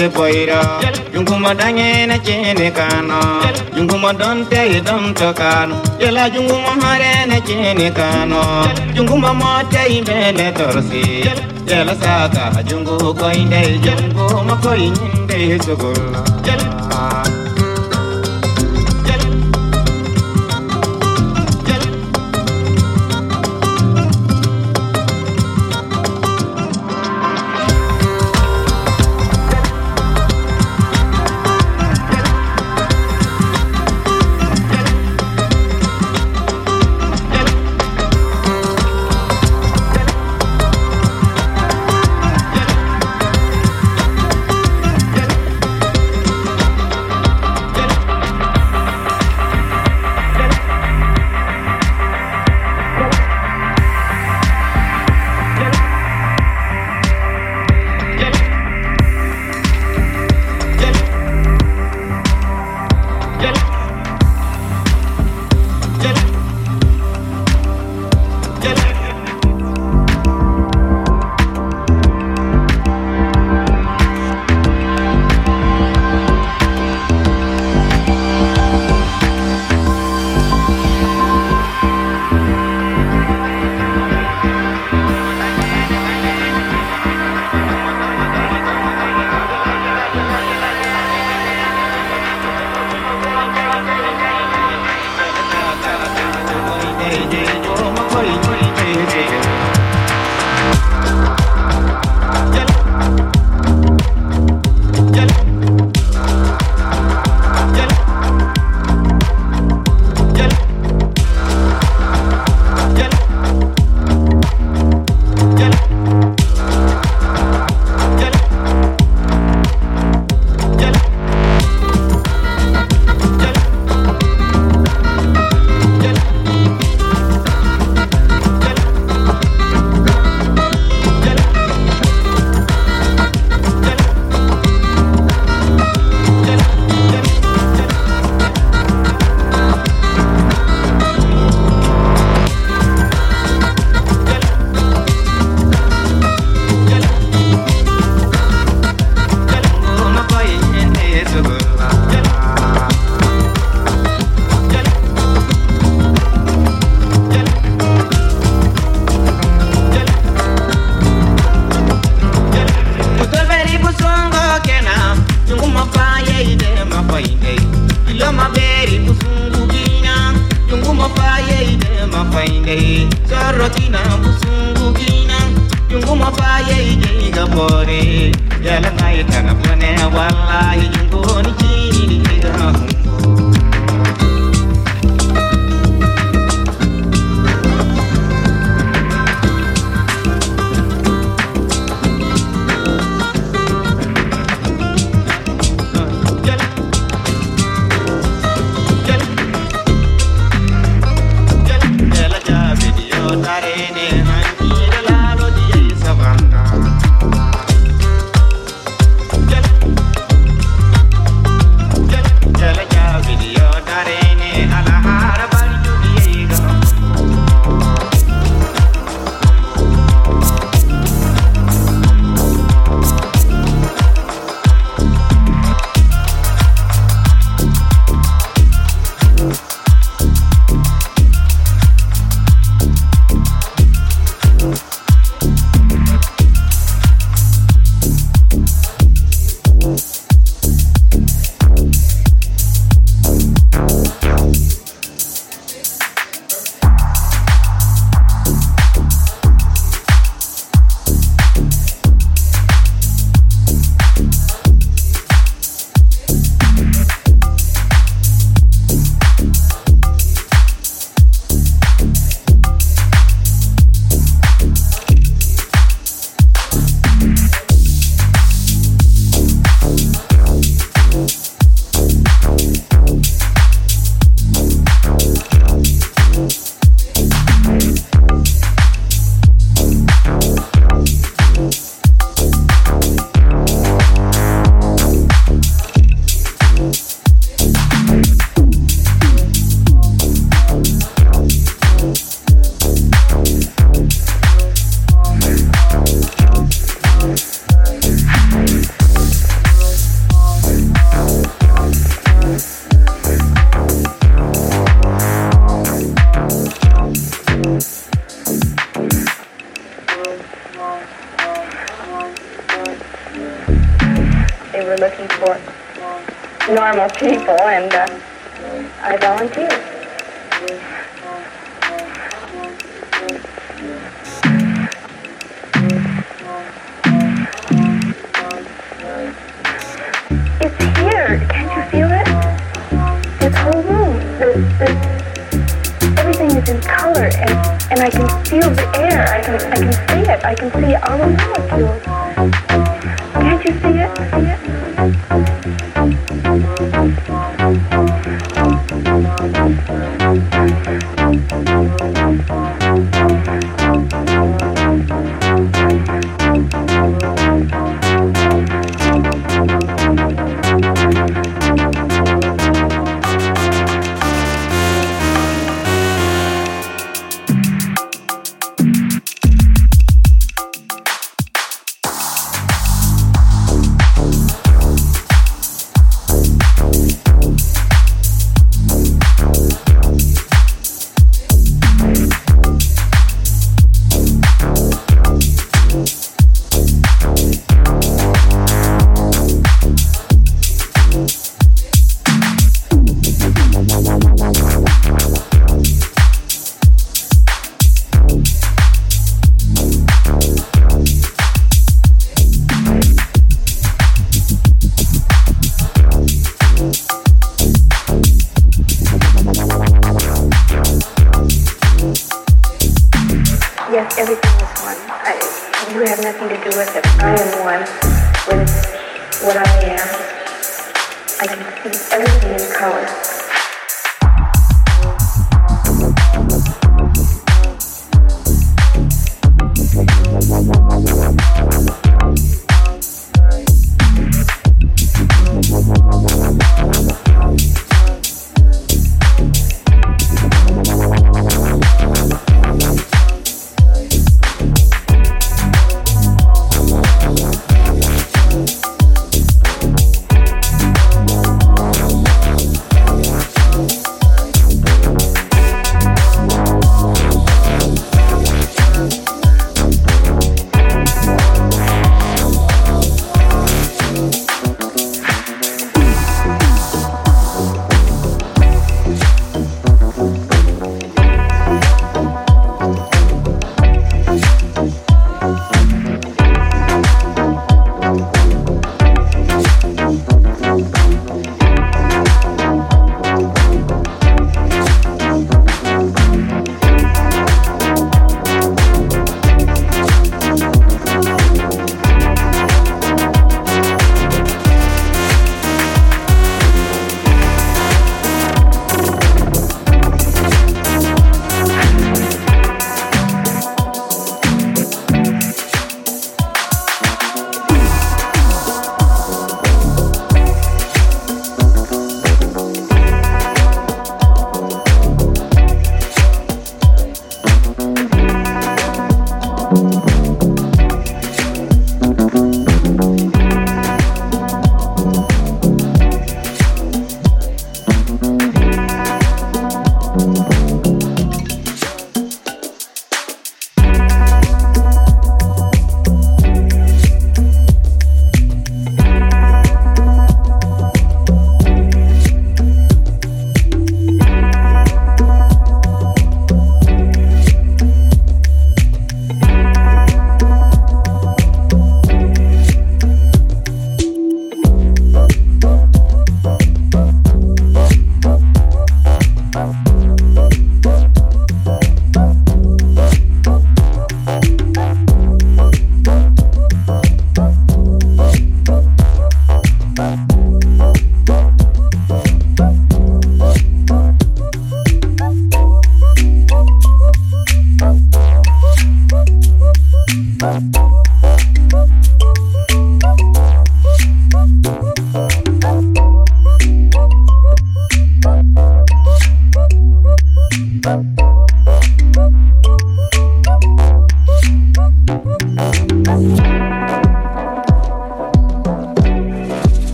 ke boyra junguma dangene chene kano te donte idon kano, yela junguma harene chene kano junguma mote imbele torsi yela saka jungu koinde jungu makoyinde sugulla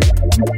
Thank you.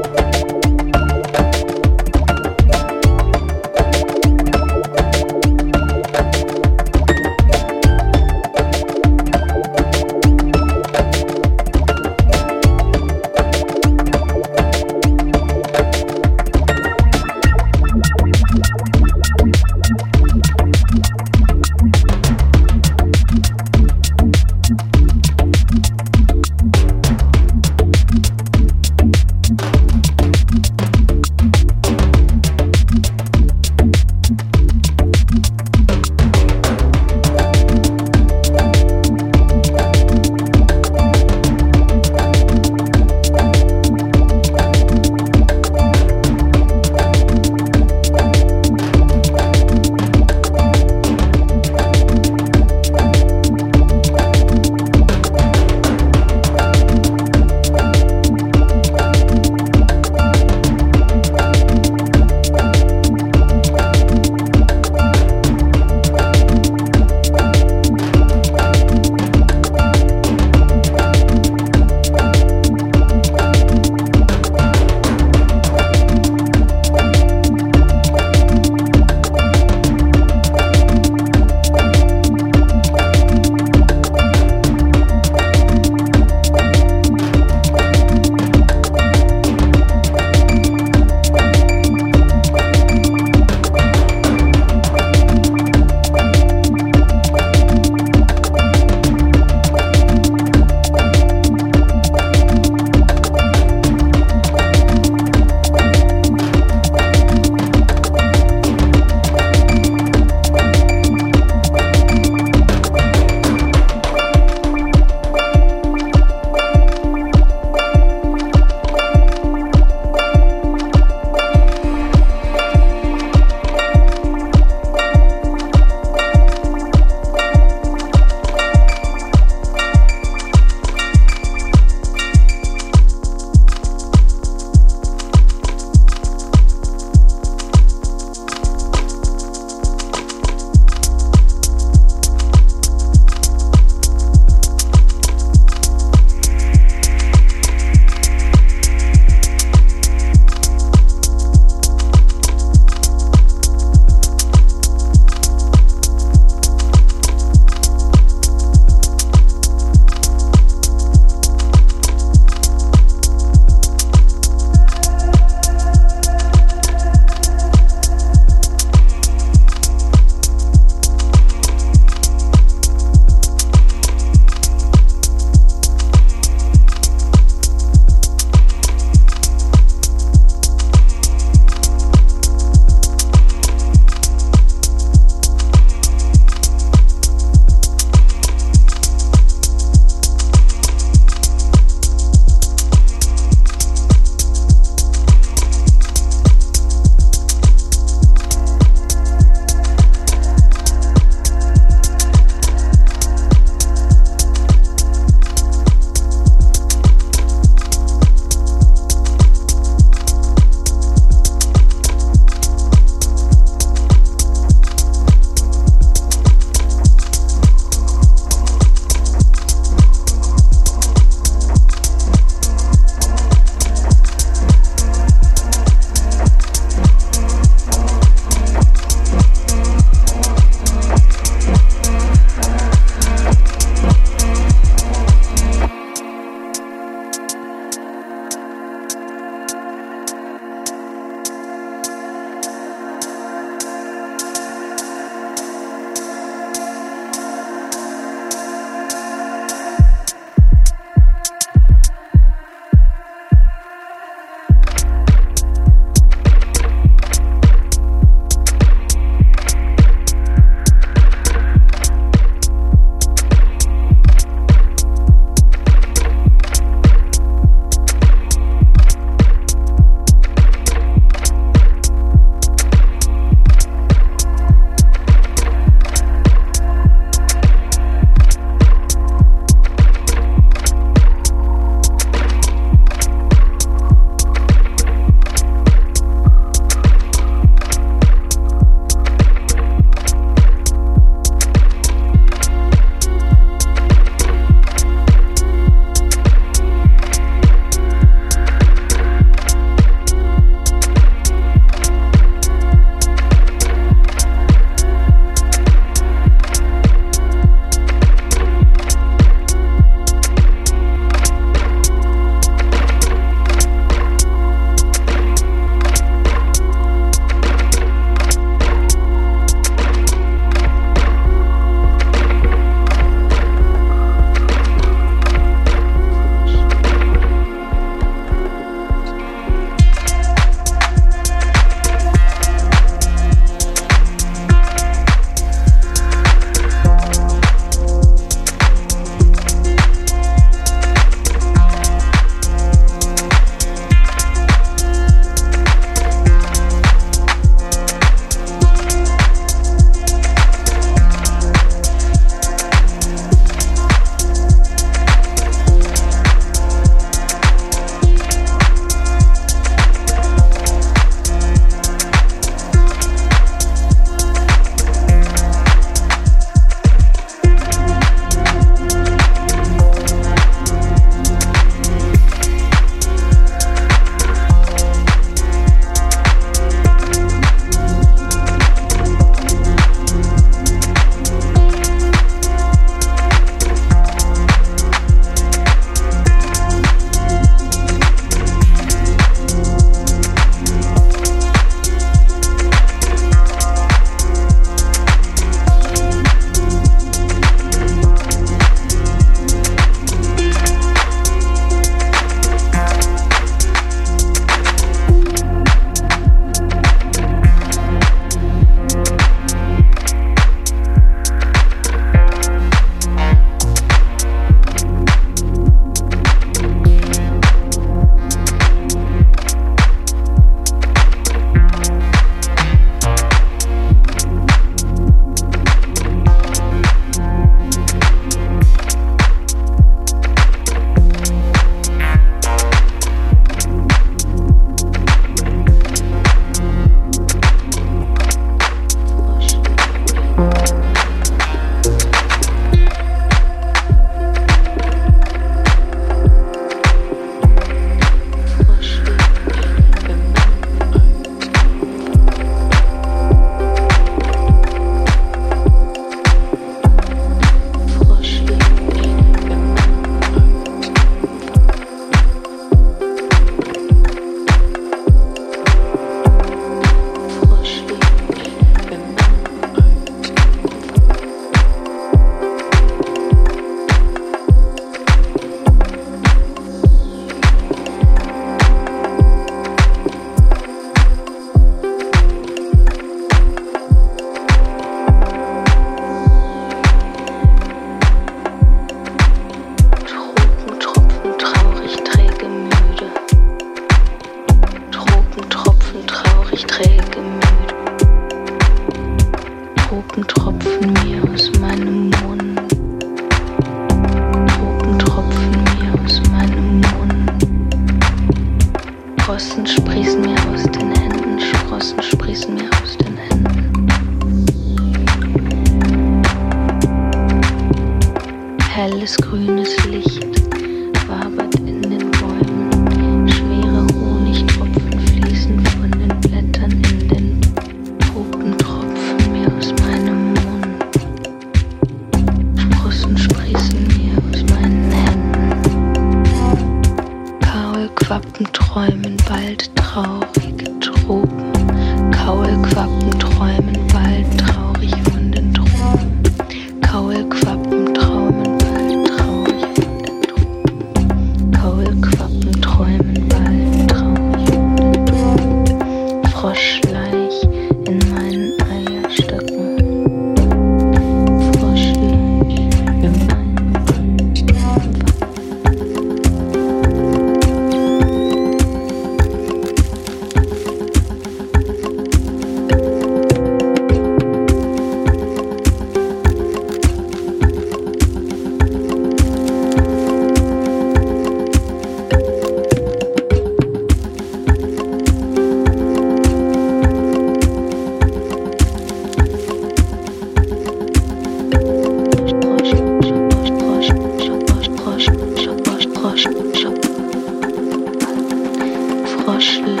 Froschlöch,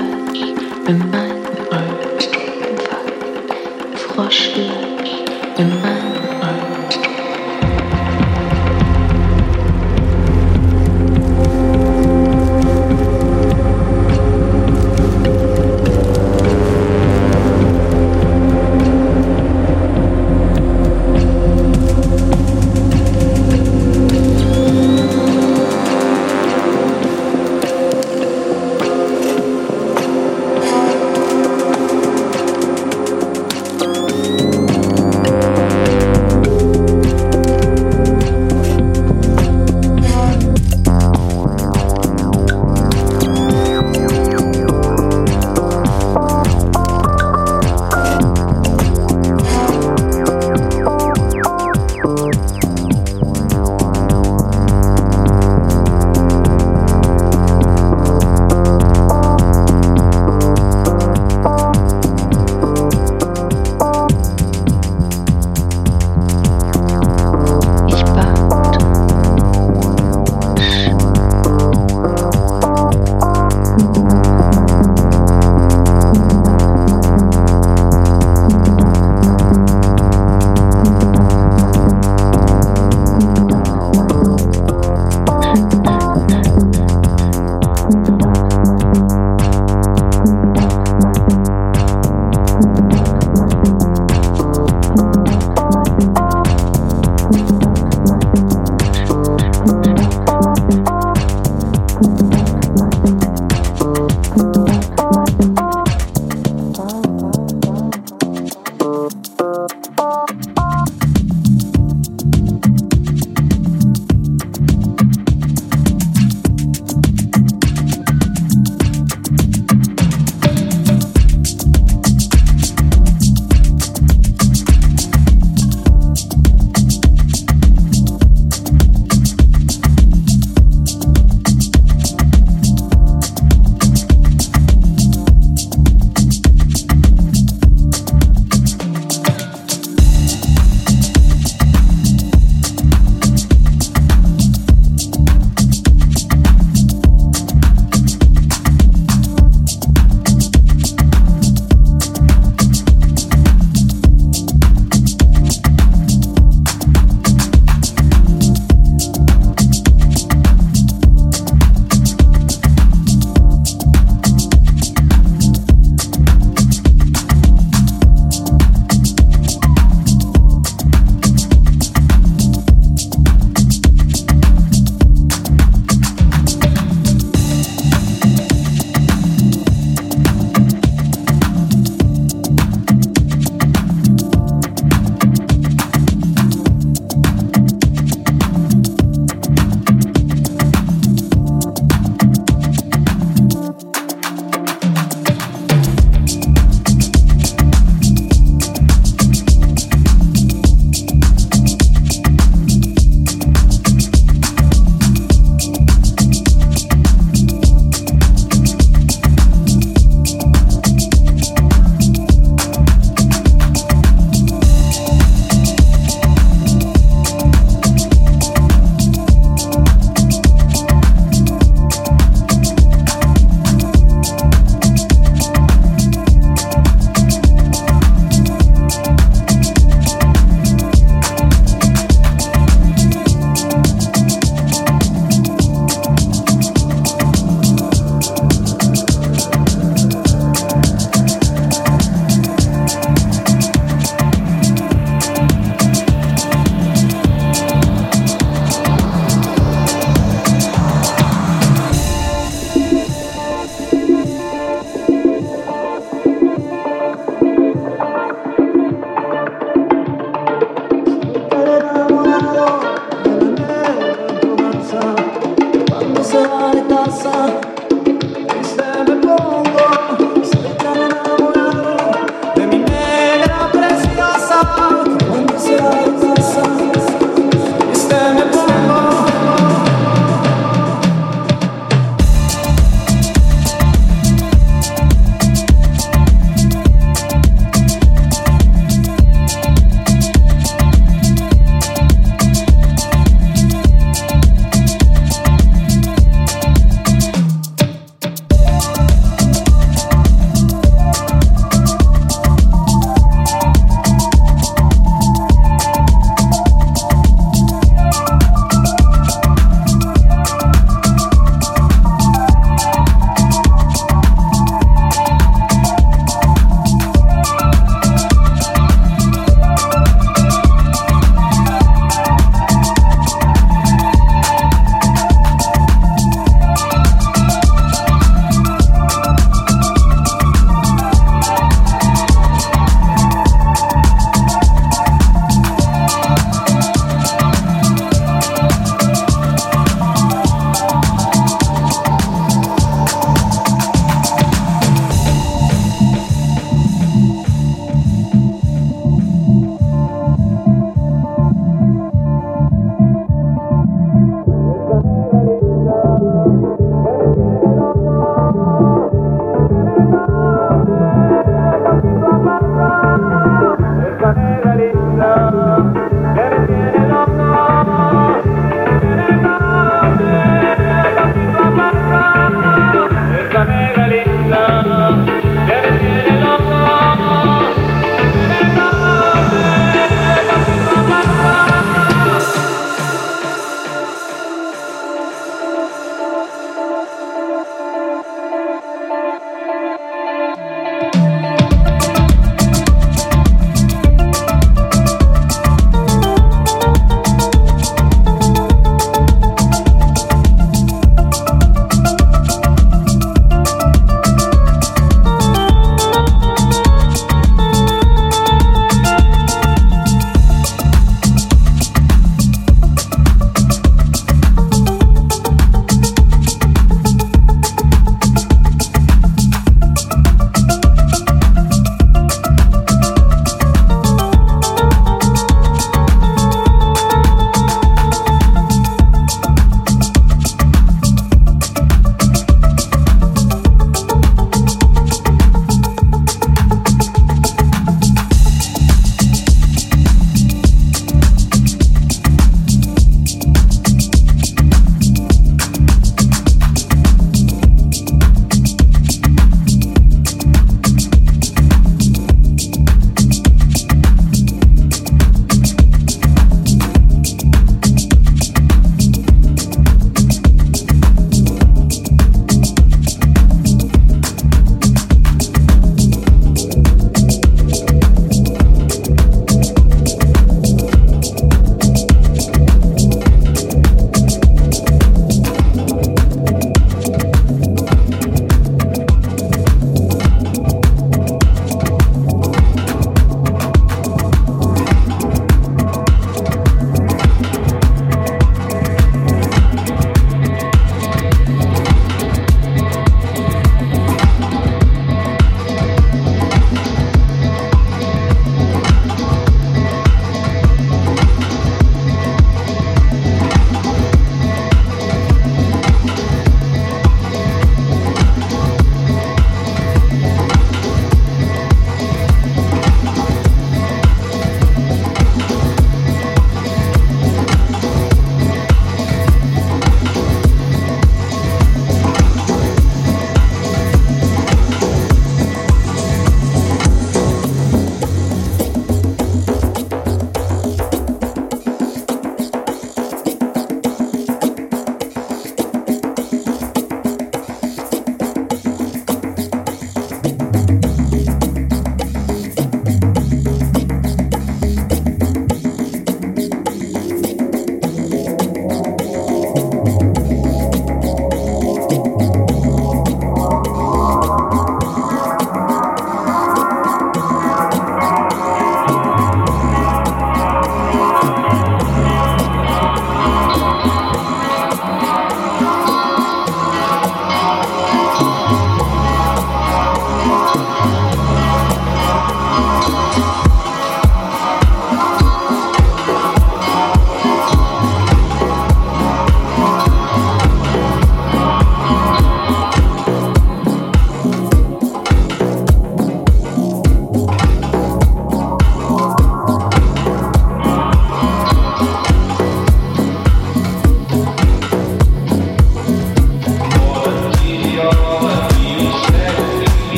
wenn mein Froschlöch.